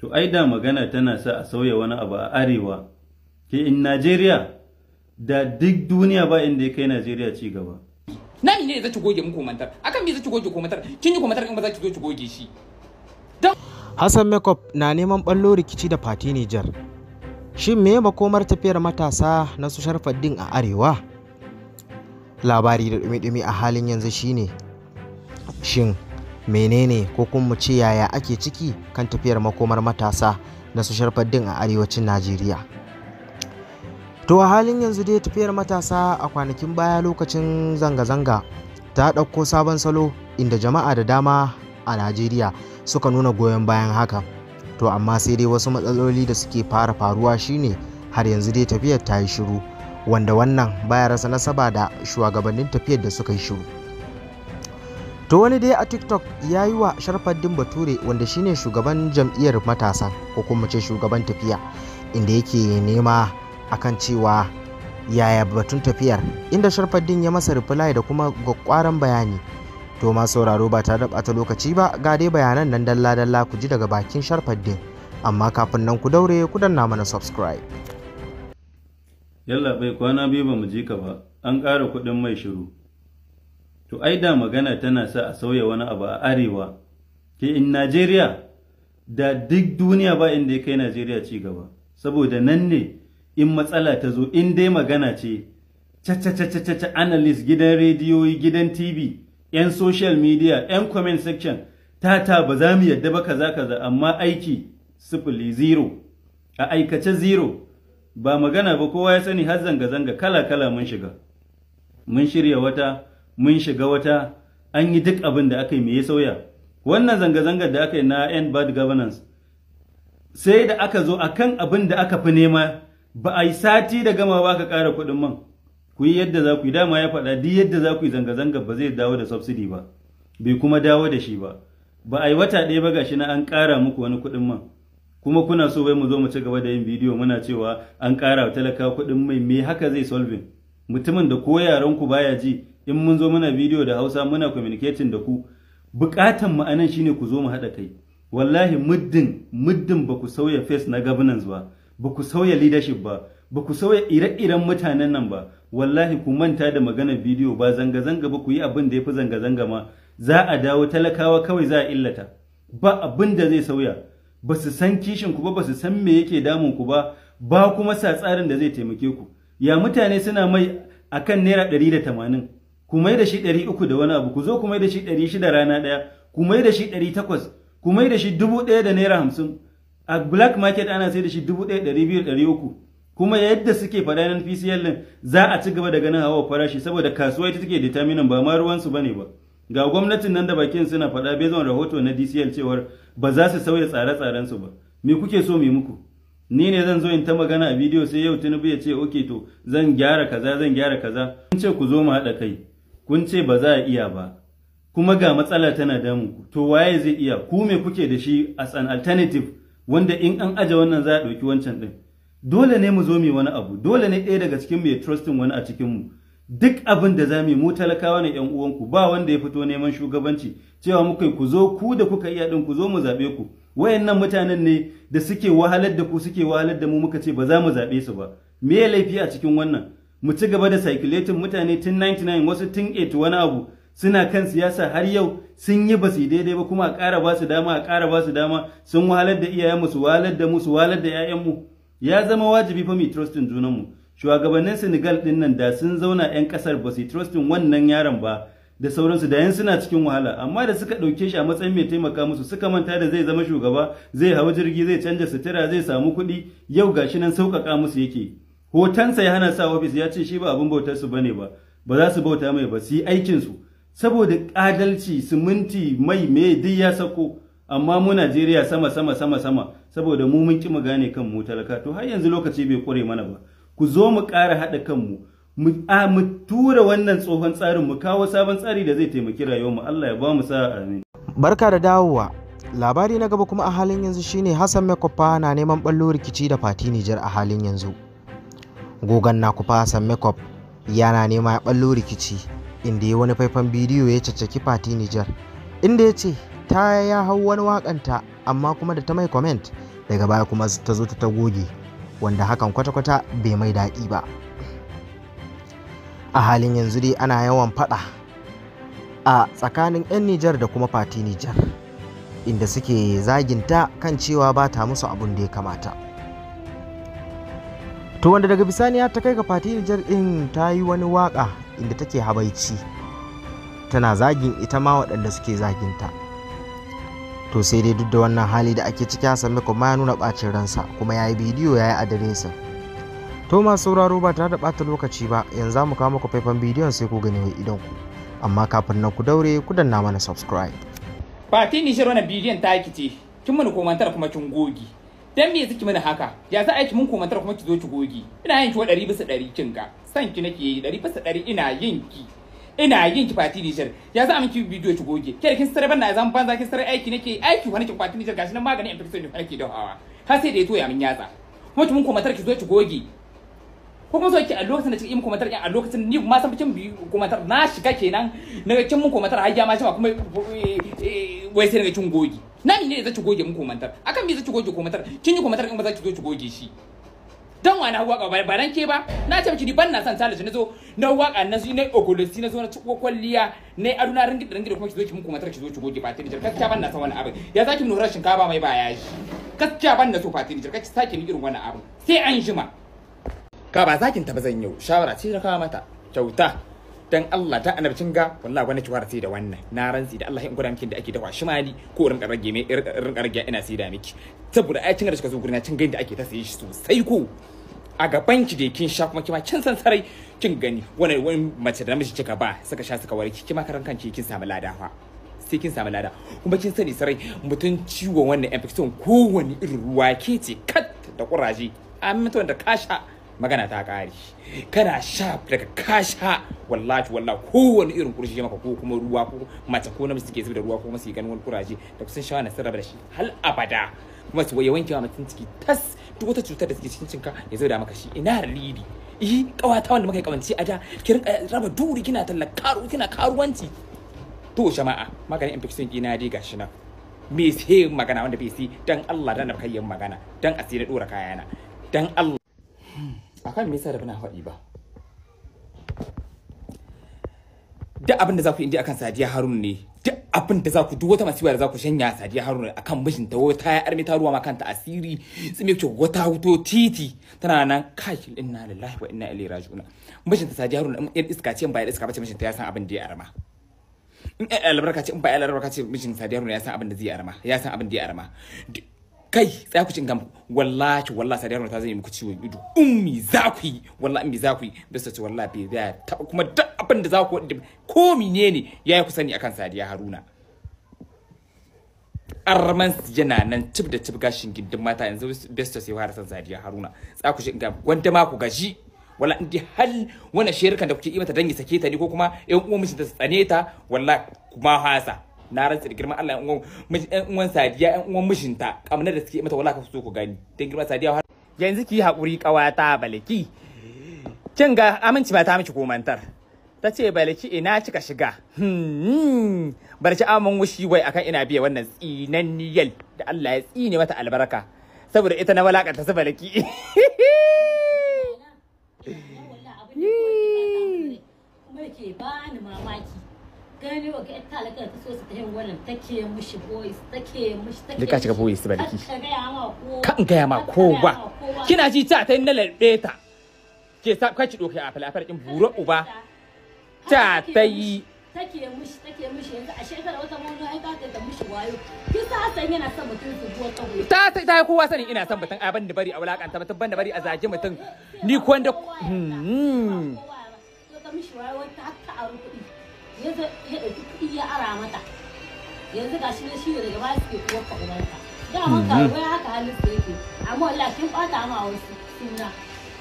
to ai da magana tana sa a sauya wani abu a arewa ke in Najeriya da duk duniya ba inda ya kai Najeriya ci gaba na ne zai goge mu komantar akan me zai goge komantar kin yi komantar in ba za ki zo ki goge shi Hassan Makeup na neman ballo rikici da Fati Nijar shin me makomar tafiyar matasa na su Sharfaddin a arewa labari da dumi-dumi a halin yanzu shine shin menene ko kuma mu ce yaya ake ciki kan tafiyar makomar matasa na su din a arewacin najeriya to a halin yanzu dai tafiyar matasa a kwanakin baya lokacin zanga-zanga ta ɗauko sabon salo inda jama'a da dama a najeriya suka nuna goyon bayan haka to amma sai dai wasu matsaloli da suke fara faruwa shine har yanzu dai tafiyar ta yi shiru wanda wannan baya rasa nasaba da shugabannin tafiyar da suka yi shiru to wani dai a tiktok ya yi wa sharfaddin bature wanda shine shugaban jam'iyyar matasa ko kuma ce shugaban tafiya inda yake nema akan cewa yaya batun tafiyar inda sharfaddin ya masa reply da kuma gwakwaran bayani to ma sauraro ba tare da ta lokaci ba ga dai bayanan nan dalla-dalla ku ji daga bakin sharfaddin amma kafin nan ku daure ku danna mana subscribe yalla kwana biyu ba mu ji ka ba an ƙara kuɗin mai shiru to ai da magana tana sa a sauya wani abu a arewa ke in Najeriya da duk duniya ba inda ya kai Najeriya ci gaba saboda nan ne in matsala ta zo in dai magana ce caca-caca-caca analyst gidan rediyoyi gidan tv 'yan social media 'yan comment section ta, ta, ba za mu yadda ba kaza kaza amma aiki sifili zero a aikace zero ba magana ba kowa ya sani har zanga-zanga kala-kala mun shiga mun shirya wata mun shiga wata an yi duk abin da aka yi me ya sauya wannan zanga-zangar da aka yi na end bad governance sai da aka zo akan abin da aka fi nema ba a yi sati da gama ba ka ƙara kuɗin man ku yi yadda za ku yi dama ya faɗa duk yadda za ku yi zanga-zanga ba zai dawo da subsidy ba bai kuma dawo da shi ba ba a yi wata ɗaya ba ga shi na an ƙara muku wani kuɗin man kuma kuna so bai mu zo mu ci gaba da yin bidiyo muna cewa an ƙara wa talaka kuɗin mai me haka zai solving mutumin da ko yaran ku baya ji in mun zo muna bidiyo da hausa muna communicating da ku bukatan mu anan shine ku zo mu haɗa kai wallahi muddin muddin ba ku sauya face na governance ba ba ku sauya leadership ba ba ku sauya ire-iren mutanen nan ba wallahi ku manta da maganar bidiyo ba zanga-zanga ba ku yi abin da ya fi zanga-zanga ma za a dawo talakawa kawai za a illata ba abin da zai sauya ba su san kishin ku ba ba su san me yake damun ku ba ba kuma sa tsarin da zai taimake ku ya mutane suna mai akan naira ɗari da tamanin ku mai da shi ɗari uku da wani abu ku zo ku mai da shi ɗari shida rana ɗaya ku mai da shi ɗari takwas ku mai da shi dubu ɗaya da naira hamsin a black market ana sai da shi dubu ɗaya ɗari biyu ɗari uku kuma yadda suke faɗa nan PCL ɗin za a ci gaba da ganin hawa farashi saboda kasuwa ita take determining ba ma ruwansu bane ba ga gwamnatin nan da bakin suna faɗa bezon rahoto na DCL cewar ba za su sauya tsare-tsarensu ba me kuke so mu muku ni ne zan zo in ta magana a bidiyo sai yau Tinubu ya ce oke to zan gyara kaza zan gyara kaza in ce ku zo mu haɗa kai kun ce ba za a iya ba kuma ga matsala tana damu to waye zai iya ku me kuke da shi as an alternative wanda in an aje wannan za a ɗauki wancan ɗin dole ne mu zo mu wani abu dole ne ɗaya daga cikin mai trustin wani a cikin mu duk abin da za mu talakawa ne yan uwanku ba wanda ya fito neman shugabanci cewa muka ku zo ku da kuka iya ɗin ku zo mu zaɓe ku wayannan mutanen ne da suke wahalar da ku suke wahalar da mu muka ce ba za mu zaɓe su ba me laifi a cikin wannan mu ci gaba da circulating mutane tun 99 wasu tun 8 wani abu suna kan siyasa har yau sun yi basi daidai ba kuma a ƙara ba su dama a ƙara ba su dama sun wahalar da iyayenmu su wahalar da mu su wahalar da mu ya zama wajibi fa mu trustin mu shugabannin Senegal din nan da sun zauna 'yan kasar ba su trustin wannan yaron ba da sauransu da yan suna cikin wahala amma da suka ɗauke shi a matsayin mai taimaka musu suka manta da zai zama shugaba zai hau jirgi zai canja sutura zai samu kuɗi yau gashi nan sauƙaƙa musu yake hotonsa ya hana sa ofis ya ce shi ba abin bautar su bane ba ba za su bauta mai ba su yi aikin su saboda adalci siminti mai me duk ya sako amma mu Najeriya sama sama sama sama saboda mu mun ki mu gane kan mu talaka to har yanzu lokaci bai kure mana ba ku zo mu kara haɗa kanmu mu tura wannan tsohon tsarin mu kawo sabon tsari da zai taimaki rayuwar mu Allah ya ba mu sa'a amin barka da dawowa labari na gaba kuma a halin yanzu shine Hassan Mekopa na neman ballo rikici da Fati Nijar a halin yanzu gogon naku fasan makeup yana nema ya ballo rikici inda ya wani faifan bidiyo ya caccaki fati nijar inda ya ce ta ya hau wani wakanta amma kuma da ta mai comment daga baya kuma ta zo ta goge, wanda hakan kwata-kwata bai mai daɗi ba a halin yanzu dai ana yawan faɗa a tsakanin 'yan nijar da kuma fati nijar inda suke zaginta kan cewa ba ta musu abun da ya kamata to wanda daga bisani ta kai ga fati nijar din ta yi wani waka inda take habaici tana zagin ita ma waɗanda suke zaginta to sai dai duk da wannan hali da ake ciki sami kuma ya nuna ɓacin ransa kuma ya yi bidiyo ya yi adiresin to masu sauraro ba tare da ɓata lokaci ba yanzu za mu kawo muku faifan bidiyon sai ku gani mai idan ku amma kafin nan ku daure ku danna mana subscribe fati nishir wannan bidiyon ta kice kin mun komantar kuma kin goge dan me ziki mana haka ya za a yi mun komantar kuma ki zo ki goge ina yin ki wa ɗari bisa ɗari kinka san ki nake 100 ɗari bisa ɗari ina yin ki ina yin ki fati Niger ya za a miki bidiyo ki goge ke kin sarban na zan banza kin sarai aiki nake aiki wani ki fati Niger gashi nan maganin infection ne kake hawa. har sai da ya toya mun yatsa kuma ki mun komantar ki zo ki goge ko kuma so ki a lokacin da kike mun komantar a lokacin ni ma san kin bi komantar na shiga kenan na kin mun komantar har ya ma shi kuma eh, eh, wai sai na kin goge na mene ne zaki goge muku komantar akan me zaki goge komantar kin yi komantar in ba ki zo ki goge shi dan wa na waka ba ba ke ba na ce miki ni ban na san talaji na zo na waka na zo na ogolosi na zo na ciko kwalliya na aduna ringi ringi kuma ki zo ki mun komantar ki zo ki goge fatin jar gaskiya ban na san wani abin ya zaki mun rashin shinkafa mai ba shi gaskiya ban na so fatin jar kake saki ni irin wannan abin sai an jima ka ba zakin ta ba zan yau shawara ce na kawo mata kyauta dan Allah ta annabcin ga wallahi gwani ki warasi da wannan na rantsi da Allah in gwada miki da ake dafa shimali ko rinka rage mai rinka rage ina sai da miki saboda ai cin da suka zo gurna cin gani da ake ta sayi shi sosai ko a gaban ki da kin sha kuma kima kin san sarai kin gani wani wani mace da namiji kika ba suka sha suka warki kima karan kanki kin samu ladafa sai kin samu lada kuma kin sani sarai mutum ciwon wannan infection wani irin ruwa ke ce kat da kuraje a mutuwan da ka sha magana ta ƙari kana sha daga ka sha wallahi wallahi kowane irin kurji maka ko kuma ruwa ko mace ko namiji suke zuba da ruwa ko masu ganin wani kuraje da kusan shawa na sarrafa da shi hal abada kuma su waye wanke wa mutum ciki tas duk wata cutar da suke cikin cinka ya zuba maka shi ina lidi eh kawata wanda muka yi kamanci a da ki rinka raba duri kina tallakaru kina karuwanci to jama'a maganin infection ina dai gashi nan me sai magana wanda bai sai dan Allah dan da kai magana dan asiri dora kayana dan Allah hmm. akan kan yasa da bana faɗi ba duk abin da za ku yi akan sadiya harun ne duk abin da za ku duk wata masiba da za ku shanya sadiya harun akan mishin ta wata ya arme ta ruwa kanta asiri tsime ce wata wuto titi tana nan kai inna lillahi wa inna ilaihi raji'un mishin ta sadiya harun in iska ce ba iska ce mishin ta ya san abin da ya arma in albarka ce in ba albarka ce mishin sadiya harun ya san abin da zai arma ya san abin da ya arma duk kai tsaya ku cin gamu wallahi wallahi sai yaron ta zai muku ciwon ido ummi za ku yi wallahi ummi za ku yi bisa ce wallahi bai zai ta kuma duk abin da za ku ko ne yayi ku sani akan Sadiya Haruna arman yana nan tib da tib gashin gindin mata yanzu bestos ya fara san Sadiya Haruna tsaya ku cin gamu wanda ma ku gaji wala indi hal wannan shirkan da kuke yi mata dan ya sake ta ne ko kuma 'yan uwan mijinta su tsane ta wallahi kuma hasa na rantsa da girman Allah yan uwan sadiya yan uwan mijinta kamar da suke mata wala ka so ku gani dan girman sadiya har yanzu ki hakuri kawata balaki kin ga aminci ba ta miki komantar ta ce balaki ina kika shiga hmm. barci amon wushi wai akan ina biya wannan tsinanniyal da Allah ya tsine mata albarka saboda ita na walakanta su balaki gani wa ga yar talaka ta so su ta yin wannan take mushi boys take mushi take duka shiga boys ba liki kan gaya ma kowa kina ji ta ta na lalbe ta ke sa kai ki doke a falafar din buro uba ta ta yi take mushi take mushi yanzu a shekara wata mono ai ka ta mushi wayo kin sa san yana son mutum su buwa kawai ta ta ta kowa sanin ina son mutum abin da bari a wulakanta mutum ban da bari a zage mutum ni ko wanda ta mishi wayo wata haka a ya ɗauki kuɗi ya ara mata yanzu ga shi ne shi daga ya mhm. haka halin su yake amma kin ma wasu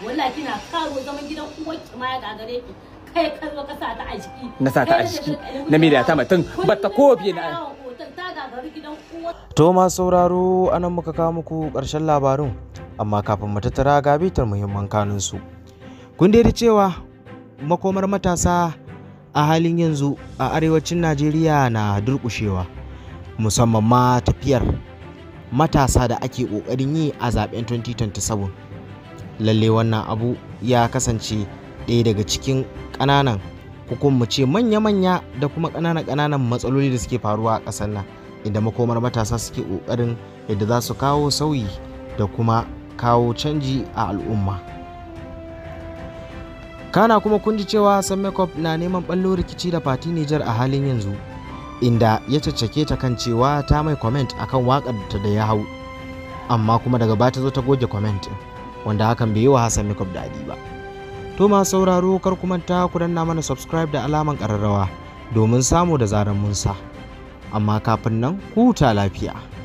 suna kina karo zaman gidan ma ya gagare ki kai ka zo ka sa ta a jiki na sa ta a jiki na me da ta mutum ba ta kofi na To ma sauraro anan muka kawo muku ƙarshen labarin amma kafin mu tattara bitar muhimman kanunsu. Kun da cewa makomar matasa a halin yanzu a arewacin Najeriya na durƙushewa, musamman ma tafiyar matasa da ake ƙoƙarin yi a zaɓen 2027. Lalle wannan abu ya kasance ɗaya daga cikin ƙananan ko ce manya-manya da kuma ƙananan-ƙananan matsaloli da suke faruwa a ƙasar nan, inda makomar matasa suke ƙoƙarin yadda za su kawo sauyi da kuma kawo canji a al'umma. kana kuma kun ji cewa hassan makeup na neman ballo rikici da fati nijar a halin yanzu inda ya caccake ta kan cewa ta mai comment akan wakar ta da ya hau amma kuma daga bata ta zo ta goge comment wanda hakan bai yi wa hassan makeup daɗi ba to ma sauraro kar ku manta ku danna mana subscribe da alaman ƙararrawa domin samu da zaran mun sa amma kafin nan ku huta lafiya